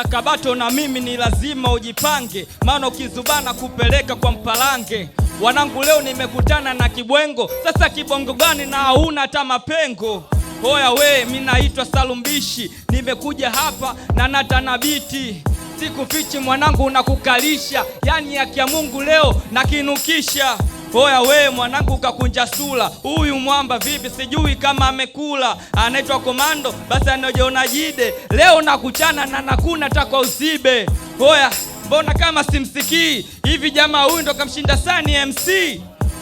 mtakabato na mimi ni lazima ujipange, maana ukizubana kupeleka kwa mpalange. Wanangu, leo nimekutana na kibwengo, sasa kibongo gani na hauna hata mapengo? Hoya we, mi naitwa Salumbishi, nimekuja hapa na natanabiti siku fichi mwanangu, nakukalisha yani ya kia Mungu leo nakinukisha Oya we mwanangu, kakunja sula, huyu mwamba vipi? Sijui kama amekula. Anaitwa Komando, basi anajiona jide. Leo nakuchana na nakuna takwa usibe. Oya mbona kama simsikii hivi? Jamaa huyu ndo kamshinda Sani MC.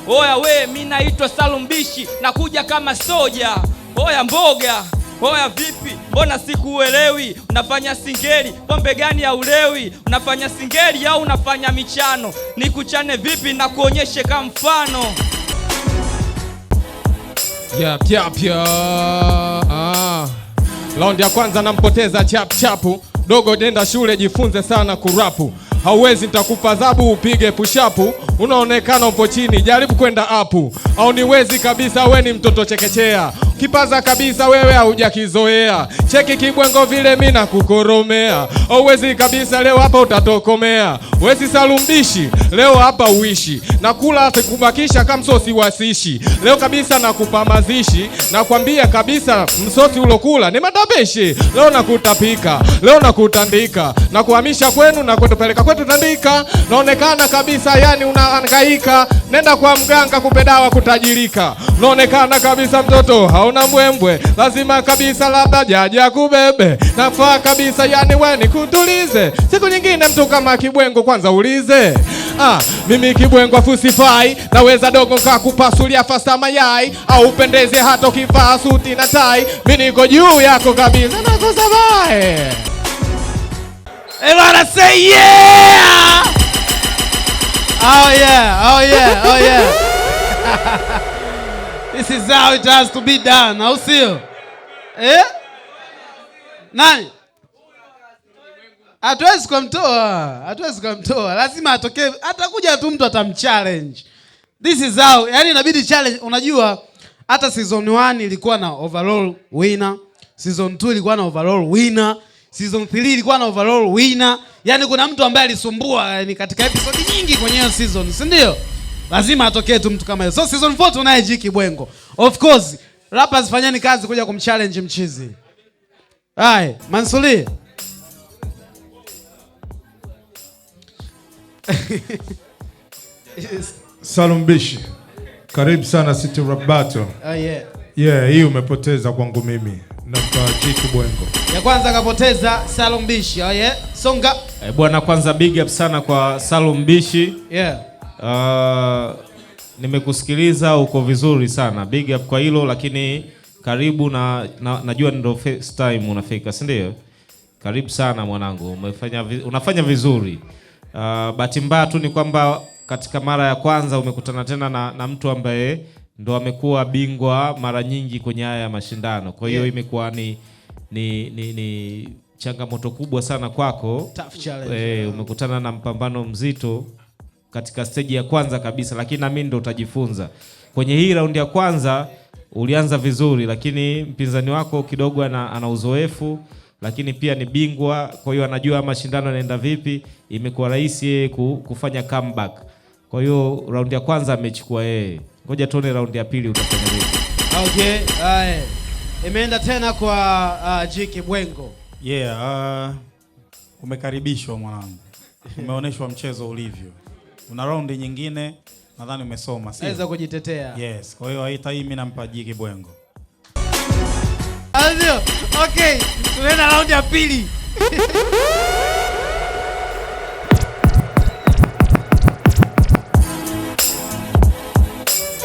Oya we, mi naitwa Salumbishi, nakuja kama soja. Oya mboga Hoya vipi, mbona uelewi Unafanya singeli, pombe gani ya ulewi? Unafanya singeli au unafanya michano? Nikuchane vipi na kuonyeshe kama mfano? Yap, yap, yap. Ah. Raundi ya kwanza nampoteza chap chapu. Dogo, nenda shule jifunze sana kurapu hauwezi, nitakupa adhabu, upige pushapu. Unaonekana upo chini, jaribu kwenda apu. Au niwezi kabisa, we ni mtoto chekechea, kipaza kabisa, wewe haujakizoea. Cheki kibwengo vile mi kukoromea auwezi kabisa, leo hapa utatokomea. wezi salumbishi, leo hapa uishi, kula kubakisha kama msosi wasishi. Leo kabisa nakupa mazishi, nakwambia kabisa, msosi ulokula ni madabeshi Leo nakutapika, leo nakutandika, nakuhamisha kwenu na kutupeleka kwenu ulikuwa tutandika, naonekana kabisa, yani unahangaika, nenda kwa mganga kupe dawa kutajirika. naonekana kabisa mtoto hauna mbwembwe, lazima kabisa labda jaja kubebe, nafaa kabisa, yani weni nikutulize, Siku nyingine mtu kama kibwengo kwanza ulize Ah, mimi kibwengo afusifai, naweza dogo kakupasulia fasta mayai, au upendeze hata ukivaa suti na tai, mimi niko juu yako kabisa nakusabae Everybody say yeah! Oh yeah, oh yeah, oh yeah. This is how it has to be done, I'll see you. Eh? Nani? Hatuwezi kumtoa, hatuwezi kumtoa, lazima atokee. Atakuja tu mtu atamchallenge. This is how, yani inabidi challenge. Unajua hata season 1 ilikuwa na overall winner, season 2 ilikuwa na overall winner Season 3 ilikuwa na overall winner. Yaani kuna mtu ambaye alisumbua yani eh, katika episode nyingi kwenye hiyo season, si ndio? Lazima atokee tu mtu kama yeye. So season 4 tunaye G Kibwengo. Of course, rappers fanyeni kazi kuja kumchallenge mchizi. Hai, Mansuri. yes. Salum Bishi. Karibu sana City Rap Battle. Oh yeah. Yeah, hii umepoteza kwangu mimi na ya kwanza kapoteza Salum Bishi. Oh, yeah. Songa. Eh, bwana kwanza big up sana kwa Salum Bishi. Yeah. Uh, nimekusikiliza uko vizuri sana. Big up kwa hilo lakini karibu na, na najua ndio first time unafika, si ndio? Karibu sana mwanangu. Umefanya unafanya vizuri. Uh, bahati mbaya tu ni kwamba katika mara ya kwanza umekutana tena na, na mtu ambaye ndo amekuwa bingwa mara nyingi kwenye haya mashindano. Kwa hiyo yeah, imekuwa ni, ni, ni, ni changamoto kubwa sana kwako. Tough challenge. E, umekutana na mpambano mzito katika steji ya kwanza kabisa, lakini nami ndo utajifunza kwenye hii raundi ya kwanza. Ulianza vizuri, lakini mpinzani wako kidogo ana, ana uzoefu lakini pia ni bingwa, kwa hiyo anajua mashindano yanaenda vipi. Imekuwa rahisi yeye kufanya comeback. Kwa hiyo raundi ya kwanza amechukua yeye. Ngoja tuone raundi ya pili utafanya nini. Okay, haya. Imeenda tena kwa uh, Jiki Bwengo. Yeah, uh, umekaribishwa mwanangu. Umeonyeshwa mchezo ulivyo. Una raundi nyingine nadhani umesoma, sio? Naweza kujitetea. Yes, kwa hiyo haita hii mimi nampa Jiki Bwengo. Ndio. Okay, tunaenda raundi ya pili.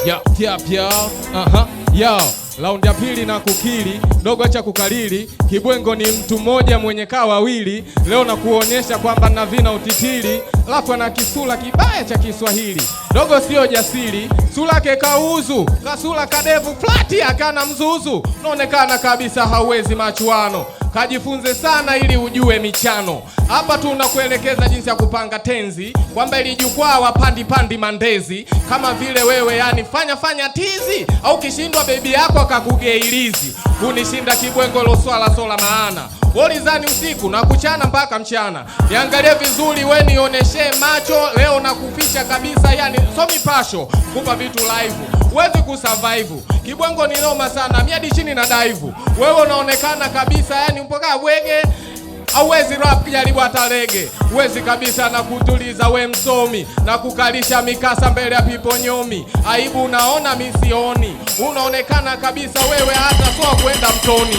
yapyapya aha ya Raundi ya pili na kukili dogo, acha kukalili. Kibwengo ni mtu mmoja mwenye kaa wawili, leo na kuonyesha kwamba navina utitili, alafu ana kisula kibaya cha Kiswahili. Dogo siyo jasiri, sura ke kauzu, kasula kadevu flati, akana mzuzu, naonekana kabisa hauwezi machuano kajifunze sana ili ujue michano. Hapa tunakuelekeza jinsi ya kupanga tenzi, kwamba ili jukwaa wapandi pandi mandezi kama vile wewe, yani fanya fanya tizi, au kishindwa bebi yako akakugeilizi, kunishinda kibwengo loswala sola maana Bolizani usiku na kuchana mpaka mchana, niangalie vizuri we nioneshe macho leo, na kufisha kabisa, yani somi pasho kupa vitu live huwezi kusurvive. kibwengo ni noma sana, miadi chini na daivu. Wewe unaonekana kabisa, yani mpaka bwege Hauwezi rap kijaribu hata lege, kabisa na kutuliza we msomi na kukalisha mikasa mbele ya pipo nyomi. Aibu unaona misioni, unaonekana kabisa wewe hata soa kwenda mtoni.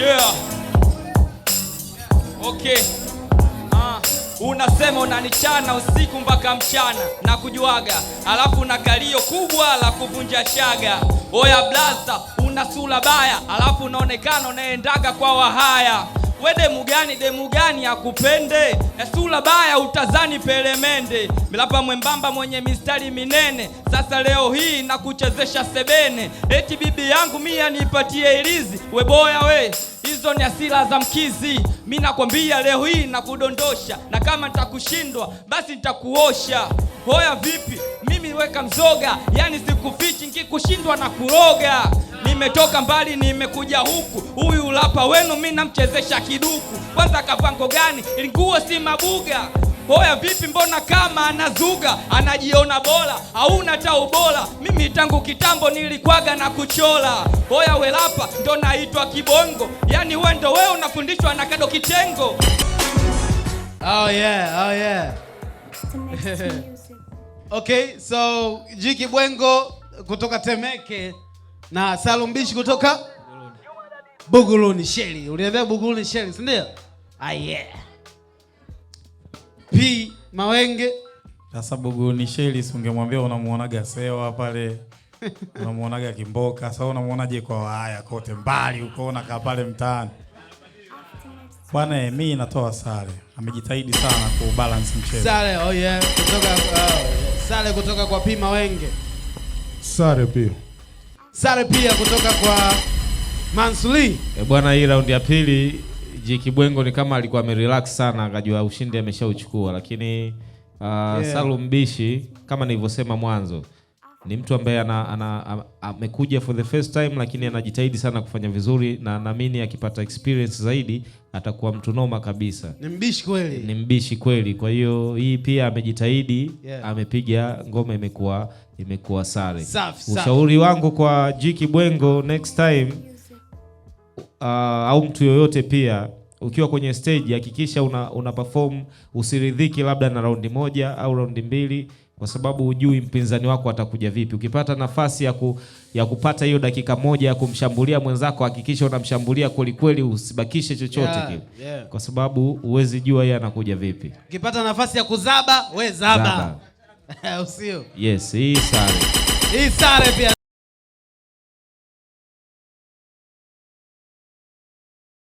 Yeah. Okay unasema unanichana usiku mpaka mchana na kujuaga, alafu na kalio kubwa la kuvunja shaga. Oya blaza, una sura baya, alafu unaonekana unaendaga kwa wahaya we demu gani, demu gani akupende? Na sura baya utazani pelemende, milapa mwembamba mwenye mistari minene. Sasa leo hii nakuchezesha sebene, eti bibi yangu mia nipatie ilizi. We boya we, hizo ni asila za mkizi. Mi nakwambia leo hii nakudondosha, na kama nitakushindwa basi nitakuosha. Hoya vipi, mimi weka mzoga, yani sikufichi, nkikushindwa na kuroga nimetoka mbali, nimekuja huku. Huyu ulapa wenu mi namchezesha kiduku. Kwanza kavango gani? Nguo si mabuga. Hoya vipi, mbona kama anazuga, anajiona bora, hauna ta ubora. Mimi tangu kitambo nilikwaga na kuchola. Hoya welapa, ndo naitwa kibongo, yani uwe ndo wewe unafundishwa na kado kitengo. Oh yeah, oh yeah. Okay, so Jiki Kibwengo kutoka Temeke na Salum Beach kutoka Buguruni Sheli. Uliambia Buguruni Sheli, si ndio? Ah, yeah. P Mawenge. Sasa Buguruni Sheli si ungemwambia unamuonaga Sewa pale. Unamuonaga Kimboka. Sasa unamuonaje kwa haya kote mbali uko na kaa pale mtaani? Bwana, mimi natoa sare. Amejitahidi sana ku balance mchezo. Sare, oh yeah. Kutoka uh, sare kutoka kwa P Mawenge. Sare pia sare pia kutoka kwa Mansuri. E bwana, hii raundi ya pili Jikibwengo ni kama alikuwa amerelax sana, akajua ushindi ameshauchukua, lakini uh, yeah. Salum Bishi kama nilivyosema mwanzo ni mtu ambaye amekuja for the first time, lakini anajitahidi sana kufanya vizuri, na naamini akipata experience zaidi atakuwa mtu noma kabisa. Ni mbishi kweli, ni mbishi kweli. Kwa hiyo hii pia amejitahidi, yeah. Amepiga ngoma imekuwa imekuwa sare. ushauri wangu kwa G Bwengo next time, uh, au mtu yoyote pia ukiwa kwenye stage hakikisha una, una perform usiridhiki labda na raundi moja au raundi mbili kwa sababu hujui mpinzani wako atakuja vipi. Ukipata nafasi ya, ku, ya kupata hiyo dakika moja ya kumshambulia mwenzako, hakikisha unamshambulia kwelikweli, usibakishe chochote yeah, yeah. kwa sababu huwezi jua yeye anakuja vipi. Ukipata nafasi ya kuzaba we zaba, zaba. Usio yes, hii sare hii sare pia